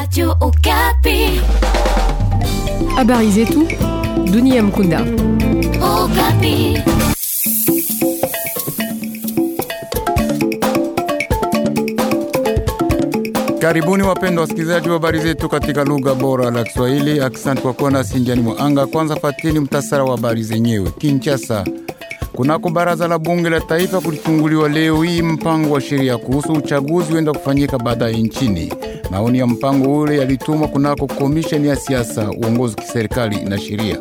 Radio Okapi. Habari zetu Dunia Mkunda. Okapi. Karibuni wapendwa wasikilizaji wa habari zetu katika lugha bora la Kiswahili. Aksanti kwa kuwa nasi njiani mwa anga. Kwanza fatini mtasara wa habari zenyewe. Kinshasa, kunako baraza la bunge la taifa kulichunguliwa leo hii mpango wa sheria kuhusu uchaguzi huenda kufanyika baadaye nchini. Maoni ya mpango ule yalitumwa kunako komisheni ya siasa, uongozi kiserikali na sheria.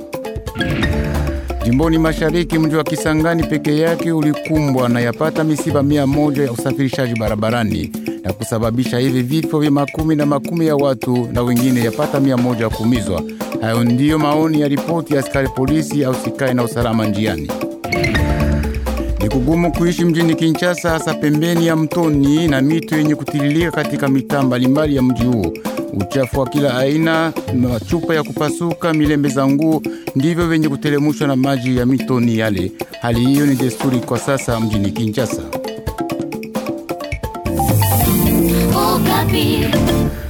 Jimboni mashariki, mji wa Kisangani peke yake ulikumbwa na yapata misiba mia moja ya usafirishaji barabarani na kusababisha hivi vifo vya makumi na makumi ya watu na wengine yapata mia moja kuumizwa. Hayo ndiyo maoni ya ripoti ya askari polisi au sikai na usalama njiani kugumu kuishi mjini Kinshasa, hasa pembeni ya mtoni na mito yenye kutililika katika mitaa mbalimbali ya mji huo. Uchafu wa kila aina, machupa ya kupasuka, milembe za nguo, ndivyo vyenye kutelemushwa na maji ya mitoni yale. Hali hiyo ni desturi kwa sasa mjini Kinshasa.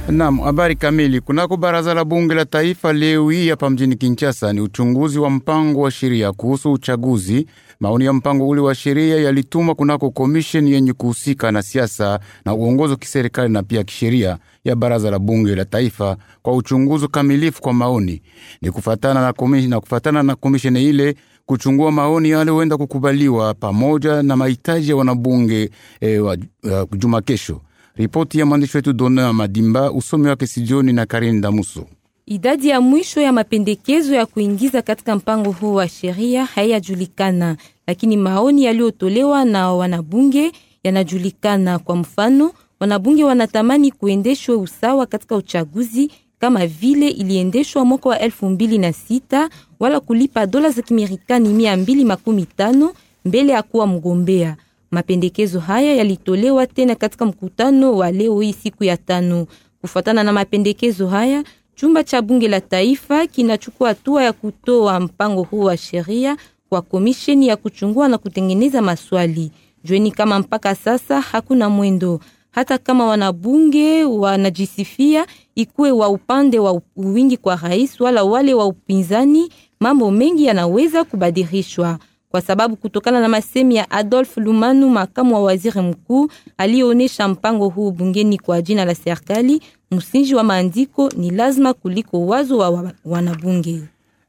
Naam, habari kamili. Kunako baraza la bunge la taifa leo hii hapa mjini Kinshasa ni uchunguzi wa mpango wa sheria kuhusu uchaguzi Maoni ya mpango ule wa sheria yalitumwa kunako komisheni yenye kuhusika na siasa na uongozi wa kiserikali na pia kisheria ya baraza la bunge la taifa kwa uchunguzi kamilifu kwa maoni. Ni kufatana na komisheni, na kufatana na komisheni ile kuchungua maoni yale huenda kukubaliwa pamoja na mahitaji ya wanabunge e, wa, uh, juma kesho. Ripoti ya mwandishi wetu Dona Madimba, usomi wake sijioni na Karinda damuso Idadi ya mwisho ya mapendekezo ya kuingiza katika mpango huo wa sheria hayajulikana, lakini maoni yaliyotolewa na wanabunge yanajulikana. Kwa mfano, wanabunge wanatamani kuendeshwa usawa katika uchaguzi kama vile iliendeshwa mwaka wa elfu mbili na sita wala kulipa dola za Kimerikani mia mbili makumi tano mbele ya kuwa mgombea. Mapendekezo haya yalitolewa tena katika mkutano wa leo hii siku ya tano. Kufuatana na mapendekezo haya Chumba cha bunge la taifa kinachukua hatua ya kutoa mpango huu wa sheria kwa komisheni ya kuchungua na kutengeneza maswali. Jueni kama mpaka sasa hakuna mwendo, hata kama wanabunge wanajisifia ikuwe wa upande wa wingi kwa rais wala wale wa upinzani, mambo mengi yanaweza kubadilishwa kwa sababu kutokana na masemi ya Adolf Lumanu, makamu wa waziri mkuu, alionyesha mpango huu bungeni kwa jina la serikali, msingi wa maandiko ni lazima kuliko wazo wa wanabunge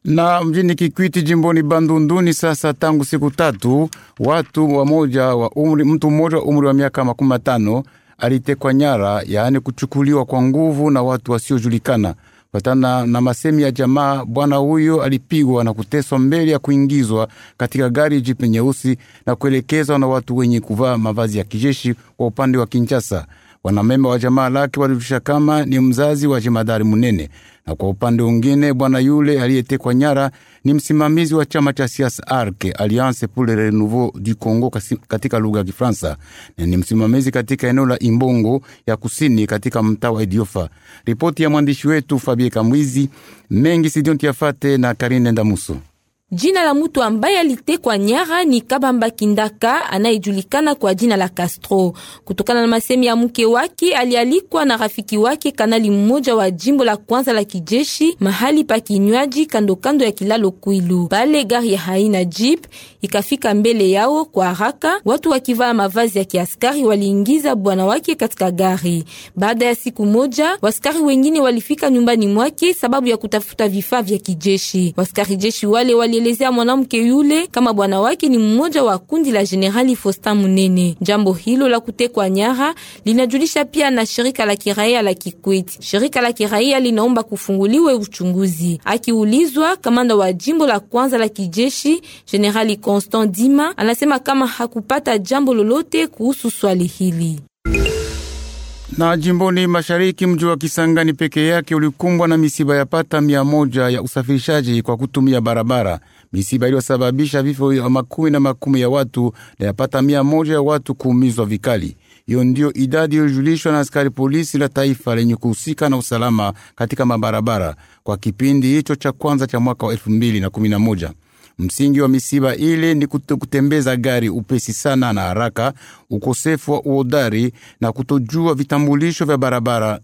na mjini Kikwiti jimboni Bandunduni. Sasa tangu siku tatu watu moja wa umri, mtu mmoja wa umri wa miaka makumi matano alitekwa nyara, yaani kuchukuliwa kwa nguvu na watu wasiojulikana. Patana na masemi ya jamaa, bwana huyo alipigwa na kuteswa mbele ya kuingizwa katika gari jipe nyeusi na kuelekezwa na watu wenye kuvaa mavazi ya kijeshi kwa upande wa Kinshasa. Wanamemba wa jamaa lake walijulisha kama ni mzazi wa jemadari munene, na kwa upande mwingine bwana yule aliyetekwa nyara ni msimamizi wa chama cha siasa Arke, Alliance pour le Renouveau du Congo katika lugha ya Kifaransa, na ni msimamizi katika eneo la Imbongo ya kusini katika mtaa wa Idiofa. Ripoti ya mwandishi wetu Fabie Kamwizi mengi sidionti na Karine Ndamuso. Jina la mutu ambaye alitekwa nyara ni Kabamba Kindaka anayejulikana kwa jina la Castro. Kutokana na masemi ya mke wake, alialikwa na rafiki wake kanali mmoja wa jimbo la kwanza la kijeshi mahali pa kinywaji kandokando ya kilalo Kwilu. Pale gari ya haina jeep ikafika mbele yao kwa haraka, watu wakivaa mavazi ya kiaskari waliingiza bwana wake katika gari. Baada ya siku moja, waskari wengine walifika nyumbani mwake sababu ya kutafuta vifaa vya kijeshi. Waskari jeshi wale wali kumwelezea mwanamke yule kama bwana wake ni mmoja wa kundi la Jenerali Fosta Munene. Jambo hilo la kutekwa nyara linajulisha pia na shirika la kiraia la Kikweti. Shirika la kiraia linaomba kufunguliwe uchunguzi. Akiulizwa, kamanda wa jimbo la kwanza la kijeshi Jenerali Constant Dima anasema kama hakupata jambo lolote kuhusu swali hili. Na jimboni mashariki, mji wa Kisangani peke yake ulikumbwa na misiba ya pata mia moja ya usafirishaji kwa kutumia barabara, misiba iliyosababisha vifo vya makumi na makumi ya watu na ya pata mia moja ya watu kuumizwa vikali. Hiyo ndiyo idadi iliyojulishwa na askari polisi la taifa lenye kuhusika na usalama katika mabarabara kwa kipindi hicho cha kwanza cha mwaka wa elfu mbili na kumi na moja. Msingi wa misiba ile ni kutembeza gari upesi sana na haraka, ukosefu wa uodari na kutojua vitambulisho vya barabara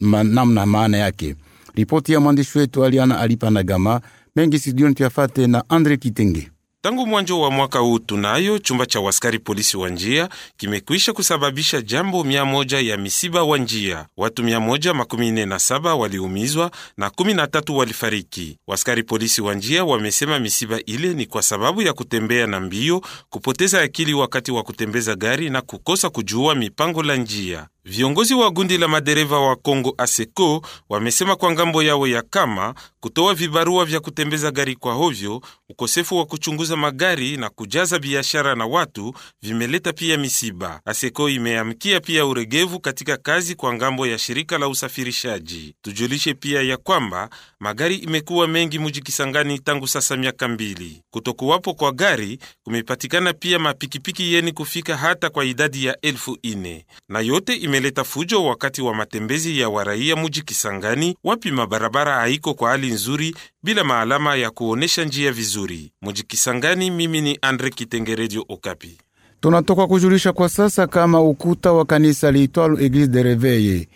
namna na maana yake. Ripoti ya mwandishi wetu Aliana Alipanagama mengi studioni tuyafate na Andre Kitenge. Tangu mwanjo wa mwaka huu tunayo chumba cha waskari polisi wa njia kimekwisha kusababisha jambo mia moja ya misiba wa njia. Watu mia moja makumi nne na saba waliumizwa na kumi na tatu walifariki. Waskari polisi wa njia wamesema misiba ile ni kwa sababu ya kutembea na mbio, kupoteza akili wakati wa kutembeza gari na kukosa kujua mipango la njia. Viongozi wa gundi la madereva wa congo ASECO wamesema kwa ngambo yao ya kama kutoa vibarua vya kutembeza gari kwa hovyo, ukosefu wa kuchunguza magari na kujaza biashara na watu vimeleta pia misiba. ASECO imeamkia pia uregevu katika kazi kwa ngambo ya shirika la usafirishaji. Tujulishe pia ya kwamba magari imekuwa mengi muji Kisangani tangu sasa miaka mbili. Kutokuwapo kwa gari kumepatikana pia mapikipiki yeni kufika hata kwa idadi ya elfu ine na yote ime imeleta fujo wakati wa matembezi ya waraia muji Kisangani, wapi mabarabara haiko kwa hali nzuri, bila maalama ya kuonesha njia vizuri muji Kisangani. Mimi ni Andre Kitenge, Redio Okapi. Tunatoka kujulisha kwa sasa kama ukuta wa kanisa liitwalo Eglise de Reveye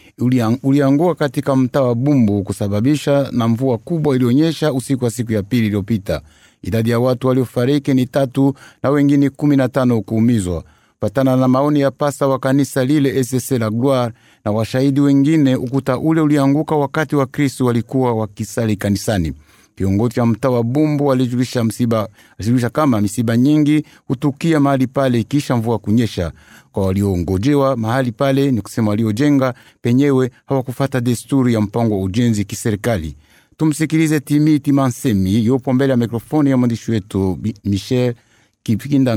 ulianguka katika mtaa wa Bumbu kusababisha na mvua kubwa ilionyesha usiku wa siku ya pili iliyopita. Idadi ya watu waliofariki ni tatu na wengine kumi na tano kuumizwa patana na maoni ya pasta wa kanisa lile ss la Gloire na washahidi wengine, ukuta ule ulianguka wakati wa Kristo walikuwa wakisali kanisani. Viongozi wa mtaa wa Bumbu walijulisha msiba, alijulisha kama misiba nyingi hutukia mahali pale kisha mvua kunyesha. Kwa waliongojewa mahali pale, ni kusema waliojenga penyewe hawakufata desturi ya mpango wa ujenzi kiserikali. Tumsikilize Timiti Mansemi, yupo mbele ya mikrofoni ya mwandishi wetu Michel Kikinda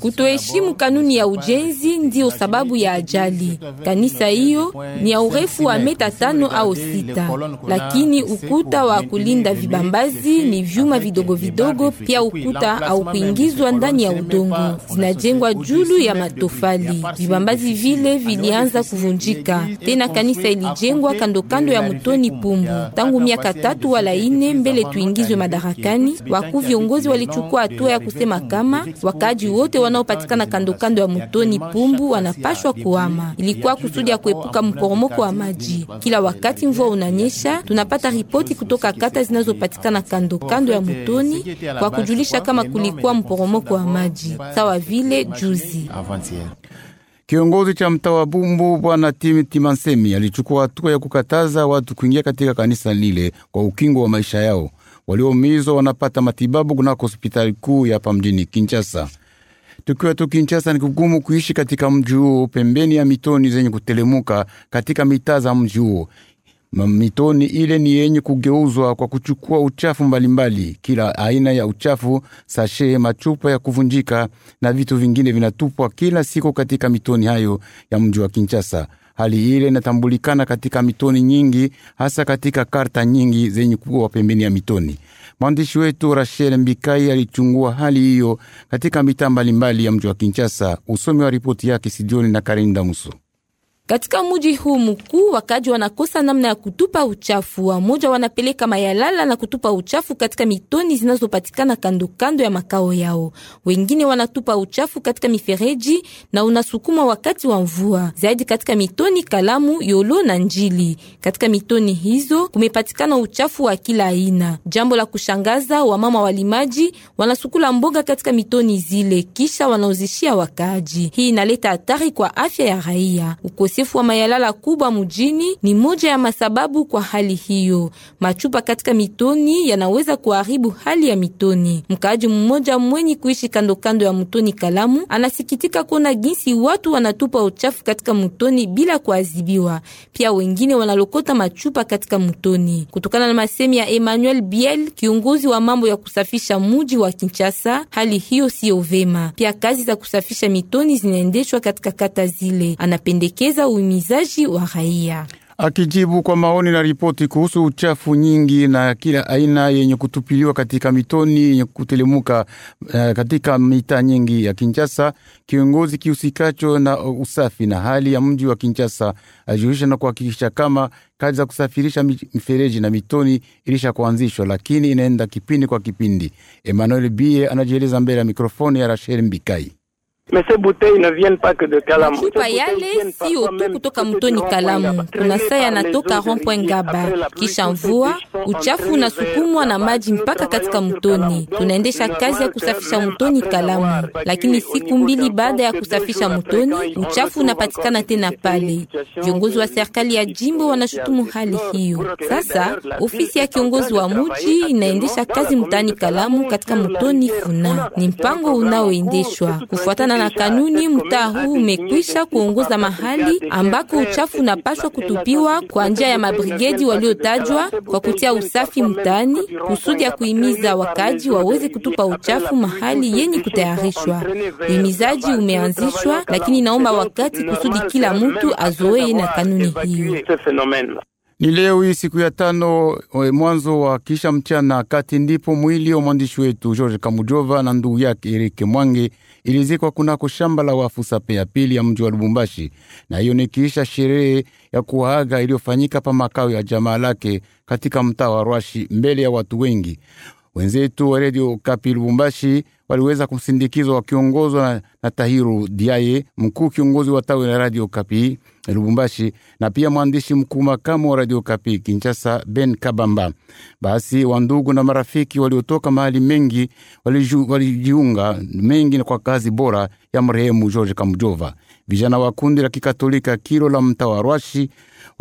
kutoheshimu kanuni ya ujenzi ndiyo sababu ya ajali. Kanisa hiyo ni ya urefu wa meta tano au sita, lakini ukuta wa kulinda vibambazi ni vyuma vidogo vidogo, pia ukuta au kuingizwa ndani ya udongo, zinajengwa julu ya matofali. Vibambazi vile vilianza kuvunjika tena. Kanisa ilijengwa kandokando ya mutoni Pumbu tangu miaka tatu wala ine mbele tuingizwe madarakani wakuvyo viongozi walichukua hatua ya kusema kama wakaaji wote wanaopatikana kando ya mutoni Pumbu wanapashwa kuama. Ilikuwa kusudi ya kuepuka mporomoko wa maji. Kila wakati mvua unanyesha, tunapata ripoti kutoka kata zinazopatikana kando ya mutoni kwa kujulisha kama kulikuwa mporomoko wa maji sawa vile juzi. Kiongozi cha mtaa wa Bumbu Bwana Tim Timansemi alichukua hatua ya kukataza watu kuingia katika kanisa lile kwa ukingo wa maisha yao walioumizwa wanapata matibabu kunako hospitali kuu ya hapa mjini Kinshasa. Tukiwa tu Kinshasa, ni kugumu kuishi katika mji huo pembeni ya mitoni zenye kutelemuka katika mitaa za mji huo. Mitoni ile ni yenye kugeuzwa kwa kuchukua uchafu mbalimbali mbali. Kila aina ya uchafu, sashe, machupa ya kuvunjika na vitu vingine vinatupwa kila siku katika mitoni hayo ya mji wa Kinshasa. Hali ile inatambulikana katika mitoni nyingi, hasa katika karta nyingi zenye kuwa pembeni ya mitoni. Mwandishi wetu Rachel Mbikai alichungua hali hiyo katika mitaa mbalimbali ya mji wa Kinshasa. Usomi wa ripoti yake Sidioni na Karinda Muso. Katika mji huu mkuu, wakaji wanakosa namna ya kutupa uchafu. Wamoja wanapeleka mayalala na kutupa uchafu katika mitoni zinazopatikana kando kando ya makao yao, wengine wanatupa uchafu katika mifereji na unasukuma wakati wa mvua, zaidi katika mitoni Kalamu, Yolo na Njili. Katika mitoni hizo kumepatikana uchafu wa kila aina. Jambo la kushangaza, wamama walimaji wanasukula mboga katika mitoni zile, kisha wanaozishia wakaaji. Hii inaleta hatari kwa afya ya raia. Ukose ukosefu wa mayalala kubwa mujini ni moja ya masababu kwa hali hiyo. Machupa katika mitoni yanaweza kuharibu hali ya mitoni. Mkaaji mmoja mwenye kuishi kando kando ya mtoni Kalamu anasikitika kuona jinsi watu wanatupa uchafu katika mtoni bila kuadhibiwa. Pia wengine wanalokota machupa katika mtoni. Kutokana na masemi ya Emmanuel Biel, kiongozi wa mambo ya kusafisha muji wa Kinshasa, hali hiyo siyo vema. Pia kazi za kusafisha mitoni zinaendeshwa katika kata zile. Anapendekeza uhimizaji wa raia. Akijibu kwa maoni na ripoti kuhusu uchafu nyingi na kila aina yenye kutupiliwa katika mitoni yenye kutelemuka eh, katika mitaa nyingi ya Kinshasa, kiongozi kihusikacho na usafi na hali ya mji wa Kinshasa alijulisha na kuhakikisha kama kazi za kusafirisha mifereji na mitoni ilisha kuanzishwa, lakini inaenda kipindi kwa kipindi. Emmanuel Bie anajieleza mbele ya mikrofoni ya Rachel Mbikai. Mais ces bouteilles ne viennent pas que de Kalamu. Chupa yale siyo tu kutoka mtoni Kalamu, unasaya yanatoka rompwe Ngaba, kisha mvua, uchafu unasukumwa na maji mpaka katika mtoni. Tunaendesha kazi ya kusafisha mtoni Kalamu, lakini siku mbili baada ya kusafisha mtoni, uchafu unapatikana tena pale. Viongozi wa serikali ya jimbo wanashutumu hali hiyo. Sasa ofisi ya kiongozi wa mji inaendesha kazi mtani Kalamu katika mtoni Funa. Ni mpango unaoendeshwa kufuatana na kanuni, mtaa huu umekwisha kuongoza mahali ambako uchafu unapaswa kutupiwa kwa njia ya mabrigedi waliotajwa kwa kutia usafi mtaani, kusudi ya kuhimiza wakaji waweze kutupa uchafu mahali yenye kutayarishwa. Uhimizaji umeanzishwa, lakini naomba wakati kusudi kila mtu azoee na kanuni hiyo. Ni leo hii siku ya tano e, mwanzo wa kisha mchana kati, ndipo mwili wa mwandishi wetu George Kamujova na ndugu yake Erike Mwange ilizikwa kunako shamba la wafu sape ya pili ya mji wa Lubumbashi, na hiyo ni kisha sherehe ya kuaga iliyofanyika pa makao ya jamaa lake katika mtaa wa Rwashi mbele ya watu wengi. Wenzetu wa redio Kapi Lubumbashi waliweza kumsindikizwa wakiongozwa na, na Tahiru Diaye, mkuu kiongozi wa tawi la radio Kapi Lubumbashi, na pia mwandishi mkuu makamu wa radio Kapi Kinshasa, Ben Kabamba. Basi wandugu na marafiki waliotoka mahali mengi walijiunga mengi kwa kazi bora ya marehemu George Kamujova. Vijana wa kundi la kikatolika Kilo la mtaa wa Rwashi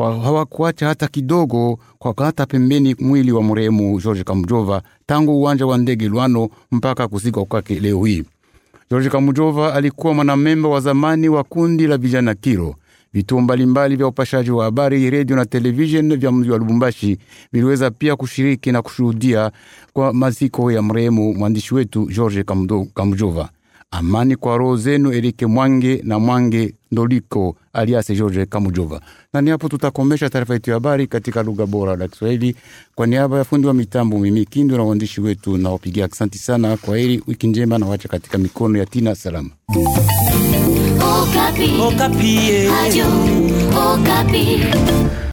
hawakuacha hata kidogo kwa kata pembeni mwili wa mrehemu George Kamujova tangu uwanja wa ndege Lwano mpaka kuzikwa kwake leo hii. George Kamujova alikuwa mwanamemba wa zamani wa kundi la vijana Kiro. Vituo mbalimbali vya upashaji wa habari, redio na televisheni vya mji wa Lubumbashi viliweza pia kushiriki na kushuhudia kwa maziko ya mrehemu mwandishi wetu George Kamujova amani kwa roho zenu Erike Mwange na Mwange Ndoliko aliase George Kamujova. Na ni hapo tutakomesha taarifa yetu ya habari katika lugha bora la Kiswahili. Kwa niaba ya fundi wa mitambo, mimi Kindu na waandishi wetu, nawapigia asanti sana. Kwa heri, wiki njema, na wacha katika mikono ya Tina Salama. Okapi. Okapi. Eh.